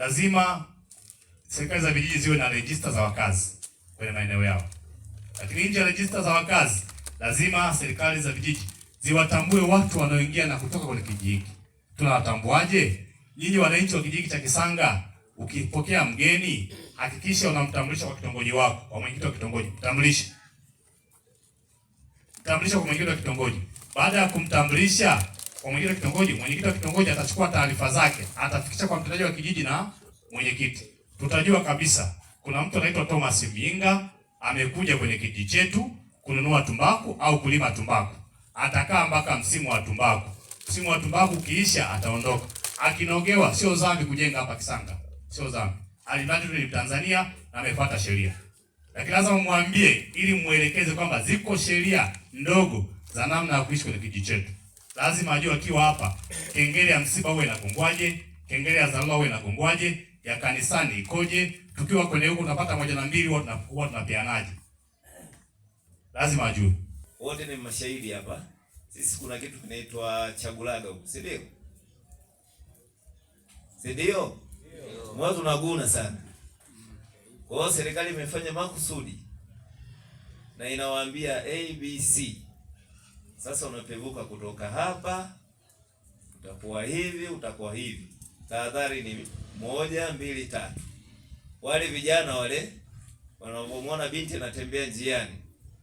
lazima serikali za vijiji ziwe na rejista za wakazi kwenye maeneo yao, lakini nje ya rejista za wakazi lazima serikali za vijiji ziwatambue watu wanaoingia na kutoka kwenye kijiji. Tunawatambuaje? Nyinyi wananchi wa kijiji cha Kisanga, ukipokea mgeni hakikisha unamtambulisha kwa kitongoji wako, kwa mwenyekiti wa kitongoji, mtambulisha mtambulisha kwa mwenyekiti wa kitongoji. Baada ya kumtambulisha kwa mwenyekiti wa kitongoji. Mwenyekiti wa kitongoji atachukua taarifa zake, atafikisha kwa mtendaji wa kijiji na mwenyekiti. Tutajua kabisa kuna mtu anaitwa Thomas Mjinga amekuja kwenye kijiji chetu kununua tumbaku au kulima tumbaku. Atakaa mpaka msimu wa tumbaku. Msimu wa tumbaku ukiisha, ataondoka. Akinogewa sio dhambi kujenga hapa Kisanga. Sio dhambi. Alibadi ni Tanzania na amefuata sheria. Lakini lazima mwambie ili mwelekeze kwamba ziko sheria ndogo za namna ya kuishi kwenye kijiji chetu lazima ajue akiwa hapa, kengele ya msiba uwe inagongwaje, kengele ya dharura uwe inagongwaje, ya kanisani ikoje, tukiwa kwenye huku tunapata moja na mbili, huwa tunapeanaje? Lazima ajue. Wote ni mashahidi hapa, sisi kuna kitu kinaitwa chagulaga huko, si ndio? Si ndio? Mwanzo naguna sana. Kwa hiyo serikali imefanya makusudi na inawaambia ABC sasa unapevuka kutoka hapa, utakuwa hivi, utakuwa hivi. Tahadhari ni moja, mbili, tatu. Wale vijana wale wanapomwona binti anatembea njiani,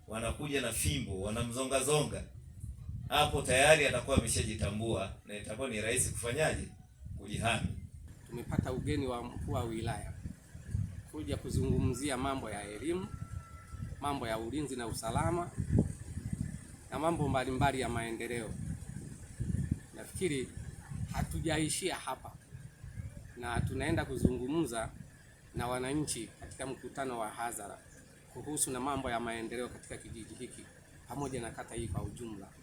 wanakuja na fimbo, wanamzongazonga, hapo tayari atakuwa ameshajitambua na itakuwa ni rahisi kufanyaje, kujihami. Tumepata ugeni wa mkuu wa wilaya kuja kuzungumzia mambo ya elimu, mambo ya ulinzi na usalama na mambo mbalimbali ya maendeleo. Nafikiri hatujaishia hapa na tunaenda kuzungumza na wananchi katika mkutano wa hadhara kuhusu na mambo ya maendeleo katika kijiji hiki pamoja na kata hii kwa ujumla.